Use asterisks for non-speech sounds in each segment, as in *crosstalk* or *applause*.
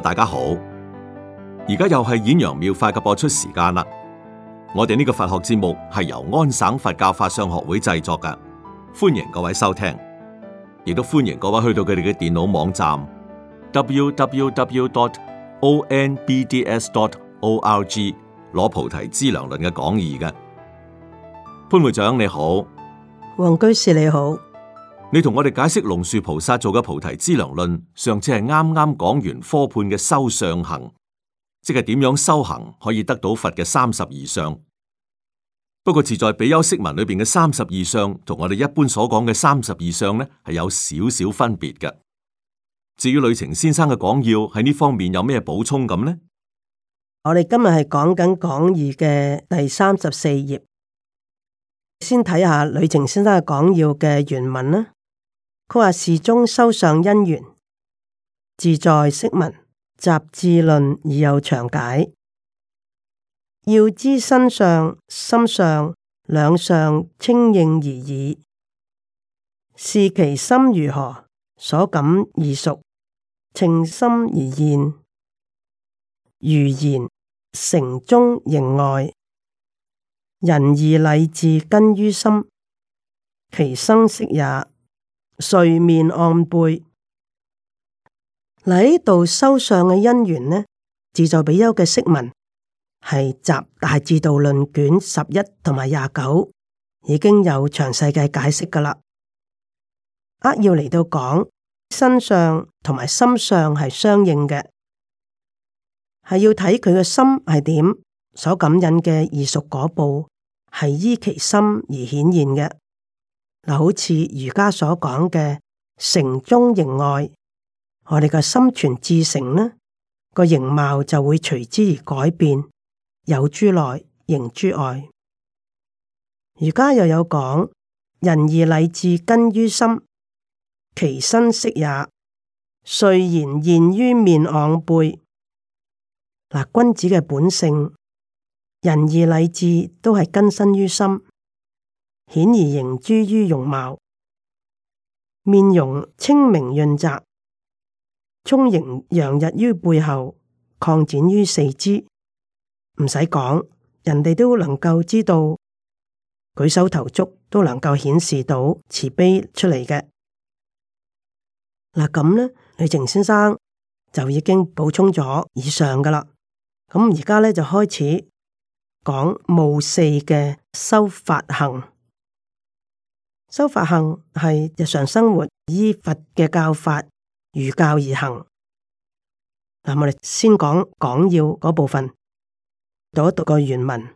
大家好，而家又係演揚妙法嘅播出時間啦。我哋呢個佛學節目係由安省佛教法相學會製作嘅，歡迎各位收聽，亦都歡迎各位去到佢哋嘅電腦網站 www.onbsd.org d 攞菩提資糧論嘅講義嘅。潘會長你好，黃居士你好。你同我哋解釋龍樹菩薩做嘅《菩提資糧論》，上次係啱啱講完科判嘅修上行，即係點樣修行可以得到佛嘅三十二相。不過自在比丘釋文裏邊嘅三十二相，同我哋一般所講嘅三十二相呢，係有少少分別嘅。至於呂澂先生嘅講要喺呢方面有咩補充咁呢？我哋今日係講緊講義嘅第三十四頁，先睇下呂澂先生嘅講要嘅原文啦。佢話：時中修上因緣，自在釋文集智論，而又詳解。要知身上、心上、兩相，清應而已。視其心如何，所感而熟，稱心而現。如言誠中形外，仁義禮智根於心，其生色也。睡眠按背，嚟喺度收相嘅因緣呢？自在比丘嘅釋文係集大智度論卷十一同埋廿九，已經有詳細嘅解釋㗎喇。呃，要嚟到講身相同埋心相係相應嘅，係要睇佢嘅心係點所感引嘅異熟果報，係依其心而顯現嘅。嗱，好似儒家所講嘅，誠中形外，我哋個心存至誠呢，個形貌就會隨之而改變，有諸內，形諸外。儒家又有講仁義禮智根於心，其身色也，睟然現於面昂背。嗱，君子嘅本性仁義禮智都係根身於心。顯而形諸於容貌，面容清明潤澤，充盈洋溢於背後，擴展於四肢。唔使講，人哋都能夠知道，舉手投足都能夠顯示到慈悲出嚟嘅嗱。咁、啊、呢，呂澂先生就已經補充咗以上噶啦。咁而家咧就開始講慕四嘅修法行。修法行係日常生活依佛嘅教法如教而行。嗱，我哋先講講要嗰部分，讀一讀個原文。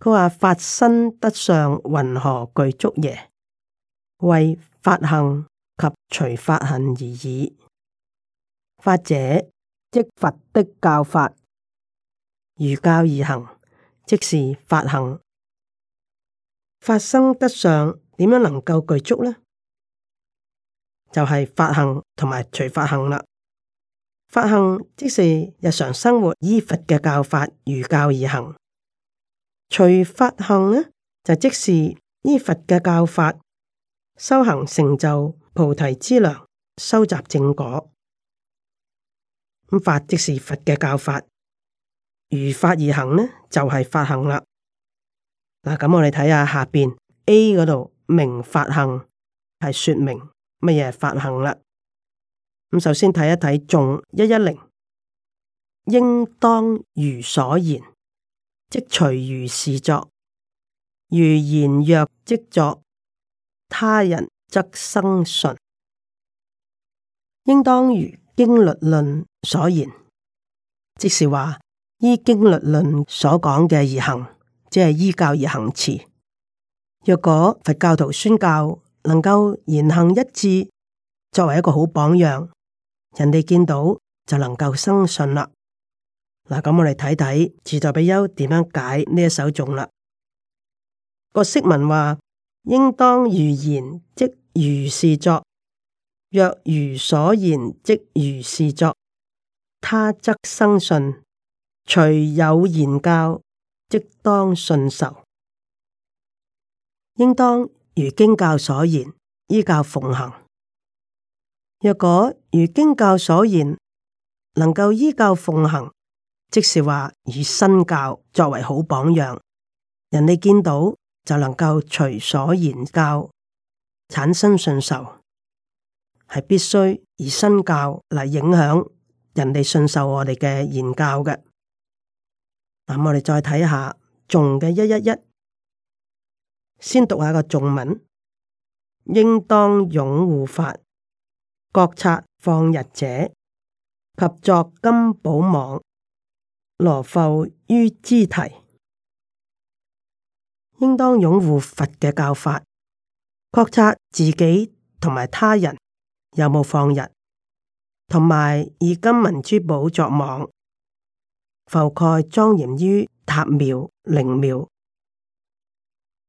佢話：法身得上云何具足耶？謂法行及除法行而已。法者，即佛的教法，如教而行，即是法行。法身得上。點樣能夠具足呢？就係、是、法行同埋隨法行啦。法行即是日常生活依佛嘅教法如教而行；隨法行呢就即是依佛嘅教法修行成就菩提之量，收集正果。咁法即是佛嘅教法，如法而行呢就係、是、法行啦。嗱、啊，咁我哋睇下下邊 A 嗰度。明法行係說明乜嘢法行啦？咁首先睇一睇眾一一零，110, 應當如所言，即隨如是作。如言若即作，他人則生信。應當如經律論所言，即是話依經律論所講嘅而行，即係依教而行持。若果佛教徒宣教能夠言行一致，作為一個好榜樣，人哋見到就能夠生信啦。嗱，咁我哋睇睇自在比丘點樣解呢一首頌啦。個釋文話：應當如言即如是作，若如所言即如是作，他則生信。除有言教，即當信受。應當如經教所言，依教奉行。若果如經教所言，能夠依教奉行，即是話以身教作為好榜樣，人哋見到就能夠隨所言教產生信受，係必須以身教嚟影響人哋信受我哋嘅言教嘅。咁、嗯、我哋再睇下仲嘅一一一。先讀下個中文。應當擁護佛，覺察放日者及作金寶網羅浮於支提。應當擁護佛嘅教法，覺察自己同埋他人有冇放日，同埋以金銀珠寶作網，浮蓋莊嚴於塔廟靈廟。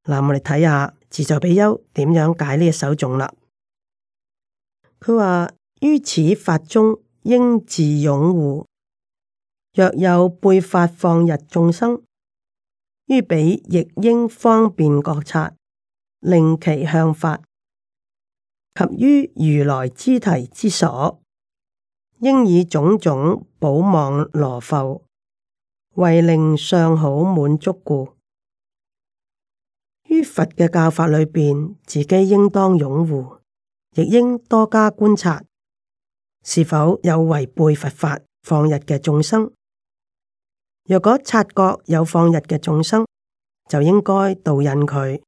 嗱，我哋睇下自在比丘點樣解呢一首頌啦。佢話，於此法中應自擁護，若有背法放逸眾生，於彼亦應方便覺察，令其向法及於如來之提之所，應以種種寶網羅覆，為令相好滿足故。於佛嘅教法裏邊，自己應當擁護，亦應多加觀察，是否有違背佛法放逸嘅眾生。若果察覺有放逸嘅眾生，就應該導引佢，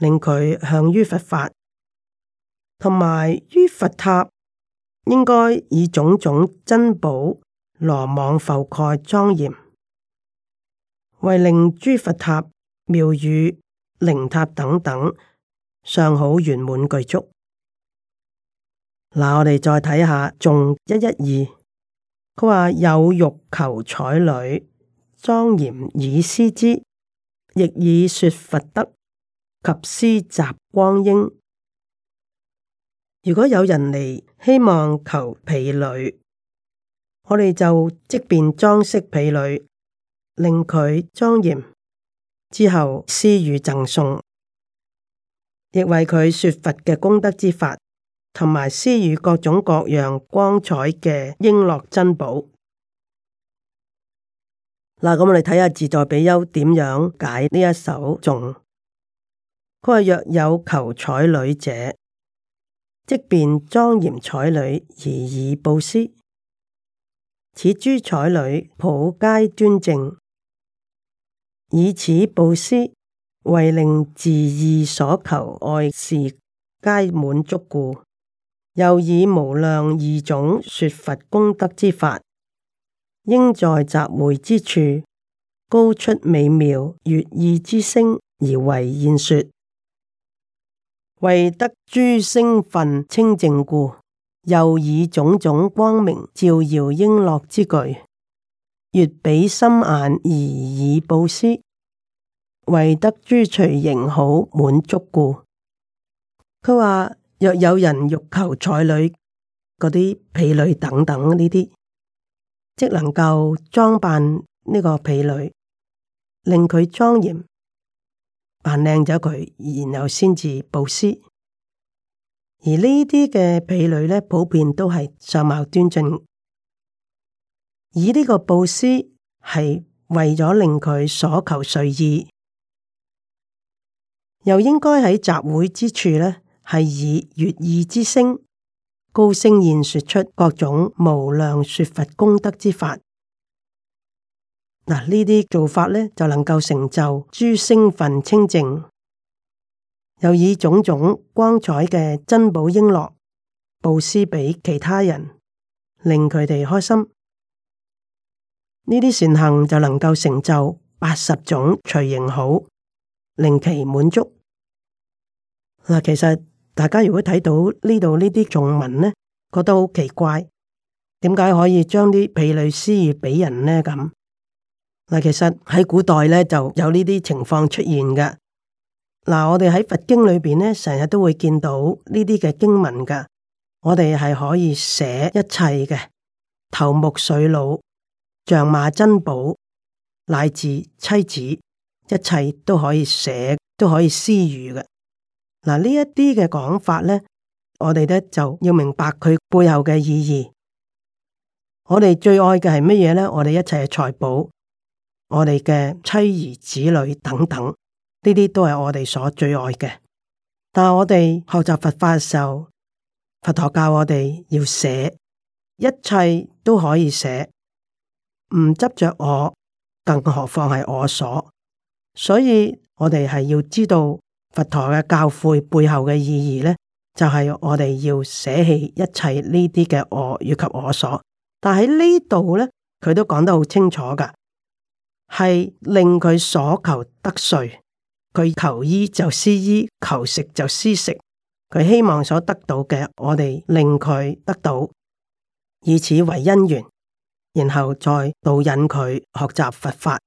令佢向於佛法。同埋於佛塔，應該以種種珍寶羅網覆蓋莊嚴，為令諸佛塔廟宇。靈塔等等，上好圓滿具足。嗱，我哋再睇下，仲一一二，佢話有欲求彩女，莊嚴以思之，亦以說佛德及施習光陰。如果有人嚟希望求婢女，我哋就即便裝飾婢女，令佢莊嚴。之後施予贈送，亦為佢說佛嘅功德之法，同埋施予各種各樣光彩嘅瓔珞珍寶。嗱，咁我哋睇下自在比丘點樣解呢一首頌。佢話：若有求彩女者，即便莊嚴彩女而以布施，此諸彩女普皆端正。以此布施，為令自意所求愛事皆滿足故；又以無量異種說佛功德之法，應在集會之處，高出美妙悦意之聲而為現說，為得諸聲分清淨故；又以種種光明照耀應樂之具，悅彼心眼而以布施。為得諸隨形好滿足故，佢話若有人欲求彩女嗰啲婢女等等呢啲，即能夠裝扮呢個婢女，令佢莊嚴扮靚咗佢，然後先至布施。而呢啲嘅婢女呢，普遍都係相貌端正。而呢個布施係為咗令佢所求隨意。又應該喺集會之處呢，係以悅耳之聲高聲言說出各種無量說佛功德之法。嗱，呢啲做法呢，就能夠成就諸聲聞清淨，又以種種光彩嘅珍寶瓔珞布施俾其他人，令佢哋開心。呢啲善行就能夠成就八十種隨形好，令其滿足。嗱，其實大家如果睇到呢度呢啲眾文呢，覺得好奇怪，點解可以將啲婢女施予畀人呢？咁嗱，其實喺古代呢，就有呢啲情況出現噶。嗱、啊，我哋喺佛經裏邊呢，成日都會見到呢啲嘅經文噶。我哋係可以捨一切嘅頭目、髓腦、象馬、珍寶，乃至妻子，一切都可以捨，都可以施予嘅。嗱，呢一啲嘅講法咧，我哋咧就要明白佢背後嘅意義。我哋最愛嘅係乜嘢咧？我哋一切嘅財寶，我哋嘅妻兒子女等等，呢啲都係我哋所最愛嘅。但係我哋學習佛法嘅時候，佛陀教我哋要捨，一切都可以捨，唔執着我，更何況係我所。所以我哋係要知道。佛陀嘅教誨背後嘅意義呢，就係我哋要捨棄一切呢啲嘅我以及我所。但喺呢度呢，佢都講得好清楚噶，係令佢所求得遂。佢求醫就施醫，求食就施食。佢希望所得到嘅，我哋令佢得到，以此為因緣，然後再導引佢學習佛法，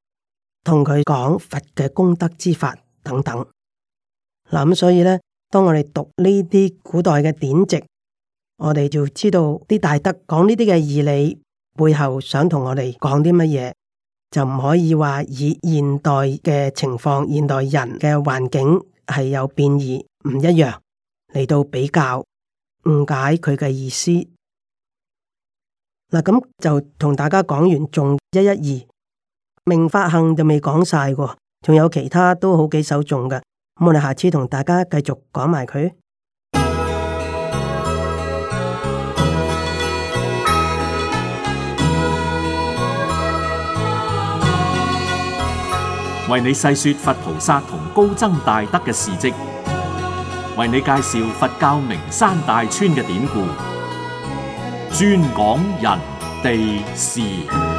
同佢講佛嘅功德之法等等。嗱咁、啊，所以呢，當我哋讀呢啲古代嘅典籍，我哋就知道啲大德講呢啲嘅義理背後想同我哋講啲乜嘢，就唔可以話以現代嘅情況、現代人嘅環境係有變異唔一樣嚟到比較誤解佢嘅意思。嗱、啊、咁就同大家講完，仲一一二明法行就未講晒喎，仲有其他都好幾首誦㗎。我哋下次同大家繼續講埋佢。為你細說佛菩薩同高僧大德嘅事迹，為你介紹佛教名山大川嘅典故，專講人地事。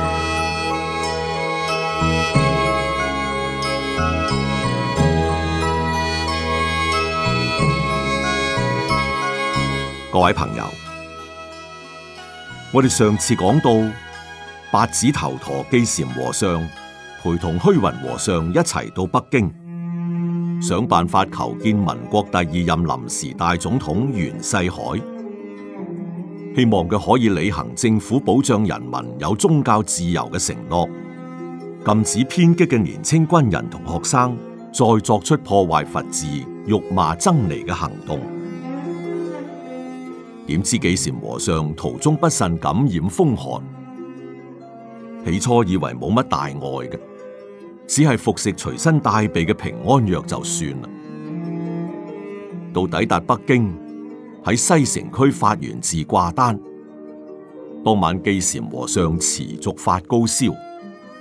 各位朋友，我哋上次講到八指頭陀、基禪和尚陪同虛雲和尚一齊到北京，想辦法求見民國第二任臨，臨時大總統袁世凱，希望佢可以履行政府保障人民有宗教自由嘅承諾，禁止偏激嘅年輕軍人同學生再作出破壞佛寺、辱罵僧尼嘅行動。點知寄禪和尚途中不慎感染風寒，起初以為冇乜大礙嘅，只係服食隨身帶備嘅平安藥就算啦。到抵達北京喺西城區法源寺掛單，當晚寄禪和尚持續發高燒，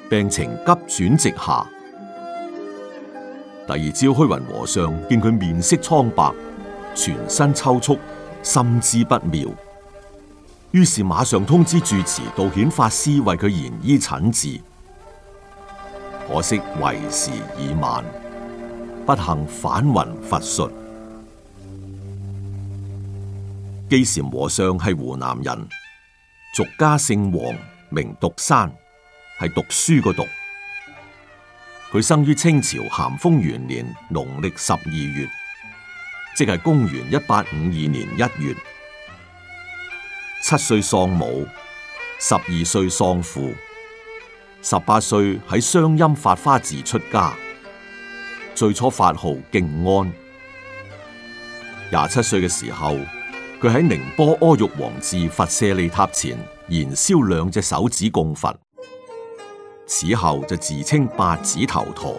病情急轉直下。第二朝虛雲和尚見佢面色蒼白，全身抽搐。心知不妙，於是馬上通知住持道顯法師為佢延醫診治。可惜為時已晚，不幸返魂乏術。寄禪和尚係湖南人，俗家姓黃，名讀山，係讀書個讀。佢生於清朝咸豐元年農曆十二月。即係公元一八五二年一月，七歲喪母，十二歲喪父，十八歲喺湘陰法華寺出家，最初法號敬安。廿七歲嘅時候，佢喺寧波阿育王寺佛舍利塔前燃燒兩隻手指供佛，此後就自稱八指頭陀。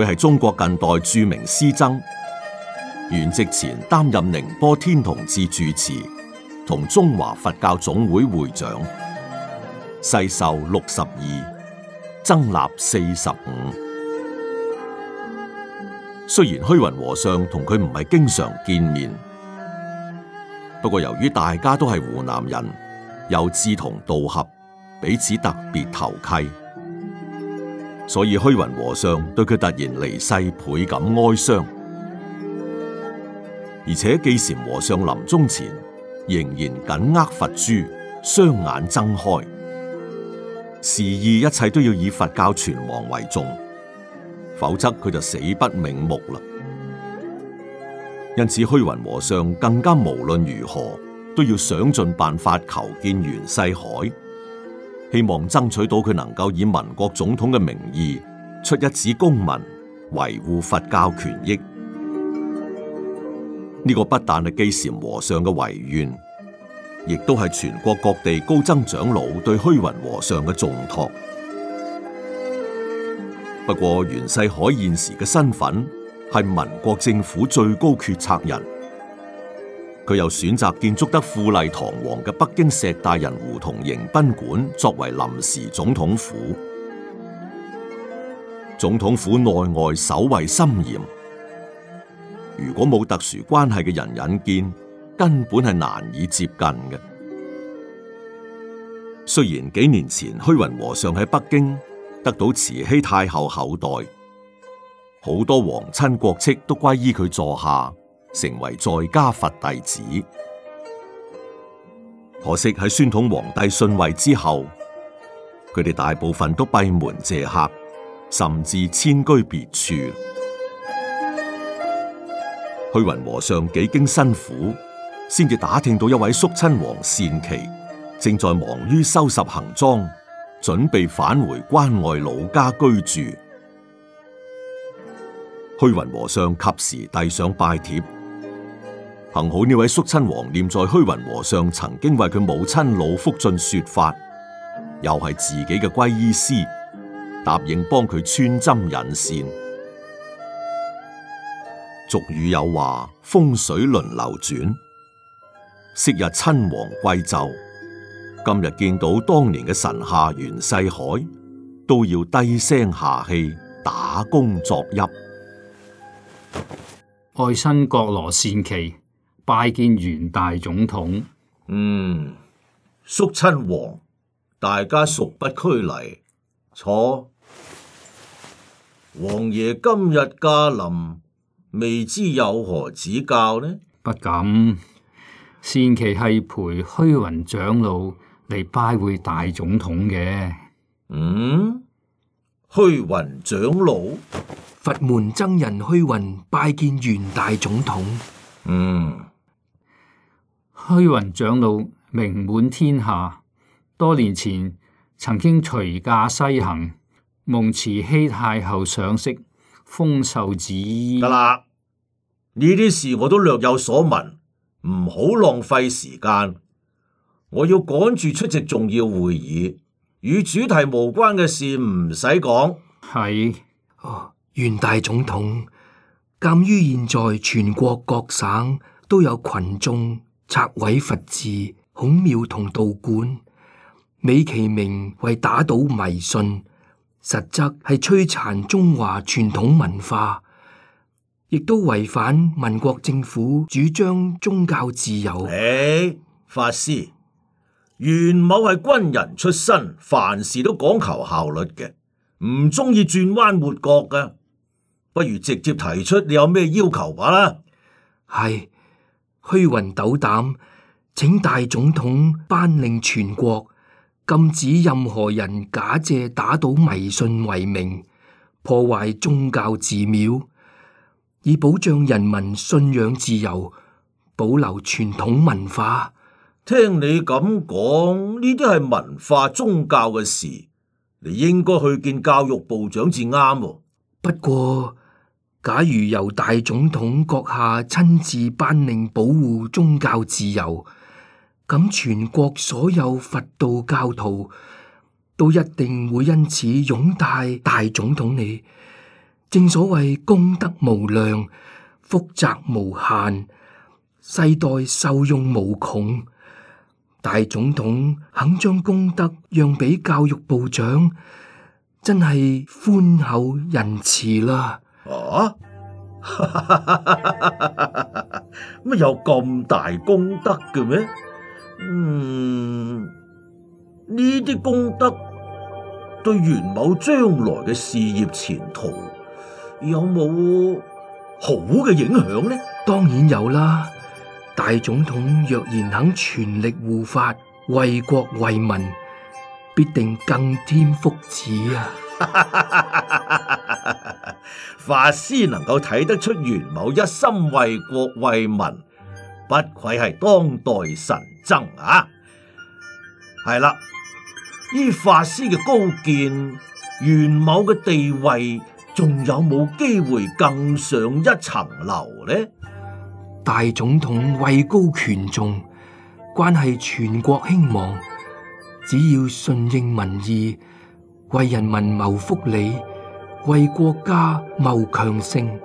佢係中國近代著名詩僧，圓寂前擔任寧波天童寺住持，同中華佛教總會會長，世壽六十二，僧臘四十五。雖然虛雲和尚同佢唔係經常見面，不過由於大家都係湖南人，又志同道合，彼此特別投契。所以虛雲和尚對佢突然離世倍感哀傷，而且寄禪和尚臨終前仍然緊握佛珠，雙眼睜開，示意一切都要以佛教存亡為重，否則佢就死不瞑目啦。因此虛雲和尚更加無論如何都要想盡辦法求見袁世凱。希望爭取到佢能夠以民國總統嘅名義出一紙公文，維護佛教權益。呢個不但係基禪和尚嘅遺願，亦都係全國各地高僧長老對虛雲和尚嘅重託。不過袁世凱現時嘅身份係民國政府最高決策人。佢又選擇建築得富麗堂皇嘅北京石大人胡同迎賓館作為臨時總統府。總統府內外守衛森嚴，如果冇特殊關係嘅人引見，根本係難以接近嘅。雖然幾年前虛雲和尚喺北京得到慈禧太后厚待，好多皇親國戚都歸依佢座下，成為在家佛弟子，可惜喺宣統皇帝遜位之後，佢哋大部分都閉門謝客，甚至遷居別處。虛雲和尚幾經辛苦，先至打聽到一位叔親王善琪正在忙於收拾行裝，準備返回關外老家居住。虛雲和尚及時遞上拜帖。幸好呢位叔親王念在虛雲和尚曾經為佢母親老福晉說法，又係自己嘅皈依師，答應幫佢穿針引線。俗語有話，風水輪流轉，昔日親王貴胄，今日見到當年嘅神下袁世凱，都要低聲下氣打工作揖。愛新覺羅善奇。拜見元大總統。嗯，肅親王，大家熟不拘禮，坐。王爺今日駕臨，未知有何指教呢？不敢。善耆係陪虛雲長老嚟拜會大總統嘅。嗯，虛雲長老，佛門僧人虛雲拜見元大總統。嗯。虛雲長老名滿天下，多年前曾經隨駕西行，蒙慈禧太，太后賞識，封授紫衣噶啦。呢啲事我都略有所聞，唔好浪費時間，我要趕住出席重要會議，與主題無關嘅事唔使講。係的、哦，袁大總統，鑒於現在全國各省都有群眾。拆毀佛寺、孔廟同道觀，美其名為打倒迷信，實則係摧殘中華傳統文化，亦都違反民國政府主張宗教自由。唉，法師，袁某係軍人出身，凡事都講求效率嘅，唔中意轉彎抹角㗎，不如直接提出你有咩要求話啦，係。虛雲斗膽，請大總統頒令全國禁止任何人假借打倒迷信為名破壞宗教寺廟，以保障人民信仰自由，保留傳統文化。聽你咁講，呢啲係文化宗教嘅事，你應該去見教育部長至啱喎。不過。假如由大總統閣下親自頒令保護宗教自由，咁全國所有佛道教徒都一定會因此擁戴大總統你。正所謂功德無量，福澤無限，世代受用無窮。大總統肯將功德讓俾教育部長，真係寬厚仁慈啦！啊，乜 *laughs* 有咁大功德嘅咩？嗯，呢啲功德對袁某將來嘅事業前途有冇好嘅影響呢？當然有啦！大總統若然肯全力護法、為國為民，必定更添福祉啊！ *laughs* 法師能夠睇得出袁某一心為國為民，不愧係當代神僧啊！係啦，依法師嘅高見，袁某嘅地位仲有冇機會更上一層樓呢？大總統位高權重，關係全國興亡，只要順應民意，為人民謀福利。為國家謀強盛，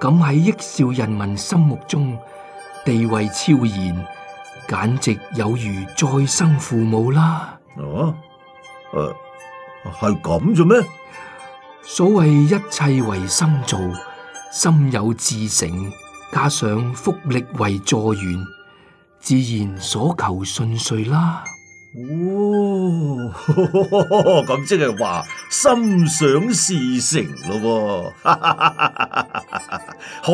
咁喺億兆人民心目中地位超然，簡直有如再生父母啦！哦、啊，誒、啊，係咁啫咩？所謂一切為心造，心有至誠，加上福力為助緣，自然所求順遂啦。哦，咁即係話心想事成咯， *laughs* 好。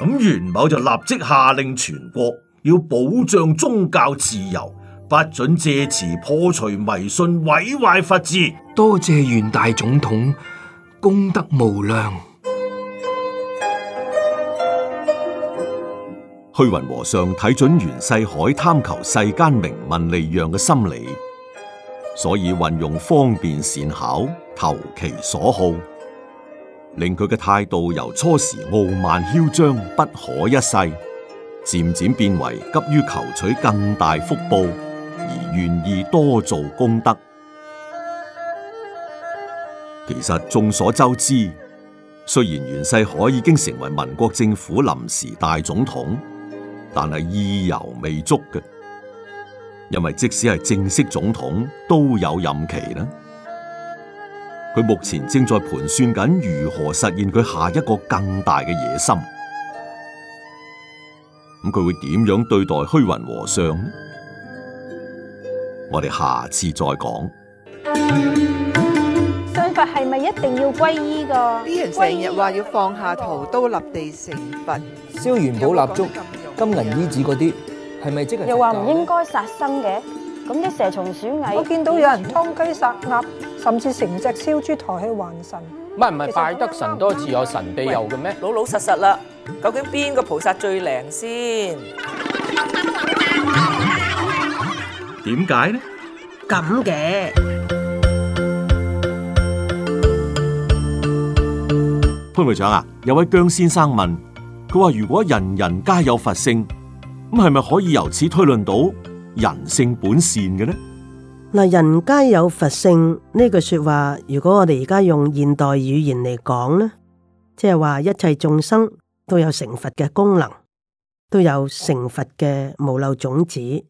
咁袁某就立即下令全國要保障宗教自由，不准借詞破除迷信、毀壞法治。多謝袁大總統，功德無量。虛雲和尚睇準袁世凱貪求世間名聞利養嘅心理，所以運用方便善巧，投其所好，令佢嘅態度由初時傲慢囂張不可一世，漸漸變為急於求取更大福報而願意多做功德。其實眾所周知，雖然袁世凱已經成為民國政府臨時大總統。但係意猶未足嘅，因為即使係正式總統都有任期啦。佢目前正在盤算緊如何實現佢下一個更大嘅野心。咁佢會點樣對待虛雲和尚呢？我哋下次再講。信佛係咪一定要皈依㗎？呢人成日話要放下屠刀立地成佛，燒元寶蠟燭。有金銀衣子嗰啲係咪即係？又話唔應該殺生嘅，咁啲蛇蟲鼠蟻，我見到有人劏雞殺鴨，甚至成隻燒豬抬去還神。唔係唔係，拜得神多自有神庇佑嘅咩？老老實實啦，究竟邊個菩薩最靈先？點解呢？咁嘅潘會長啊，有位姜先生問。佢話如果人人皆有佛性，咁係咪可以由此推論到人性本善嘅呢？嗱，人皆有佛性呢句說話，如果我哋而家用現代語言嚟講呢，即係話一切眾生都有成佛嘅功能，都有成佛嘅無漏種子，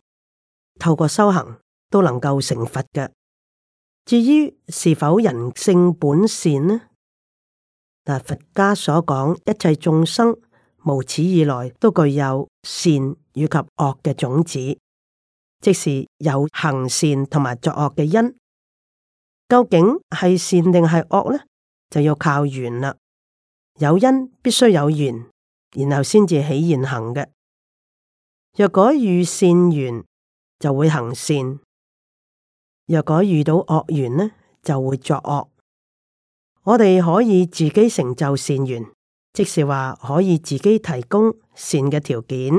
透過修行都能夠成佛嘅。至於是否人性本善呢？但佛家所講一切眾生。無始以來都具有善以及惡嘅種子，即使有行善同埋作惡嘅因，究竟係善定係惡咧，就要靠緣啦。有因必須有緣，然後先至起現行嘅。若果遇善緣，就會行善；若果遇到惡緣呢，就會作惡。我哋可以自己成就善緣。即是話可以自己提供善嘅條件，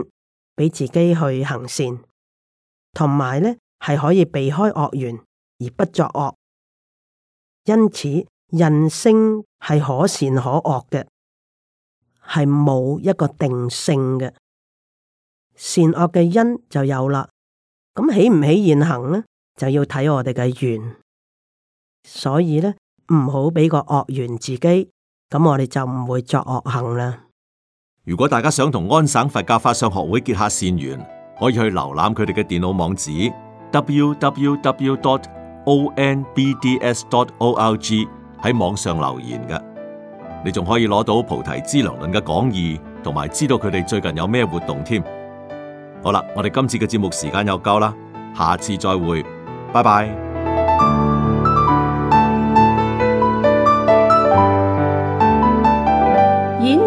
俾自己去行善，同埋咧係可以避開惡緣而不作惡。因此，人性係可善可惡嘅，係冇一個定性嘅。善惡嘅因就有啦。咁起唔起現行咧，就要睇我哋嘅緣。所以咧，唔好俾個惡緣自己。咁我哋就唔會作惡行啦。如果大家想同安省佛教法相學會結下善緣，可以去瀏覽佢哋嘅電腦網址 www.dot.onbds.dot.org 喺網上留言嘅。你仲可以攞到菩提資糧論嘅講義，同埋知道佢哋最近有咩活動添。好啦，我哋今次嘅節目時間又夠啦，下次再會，拜拜。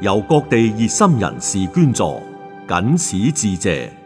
由各地熱心人士捐助，謹此致謝。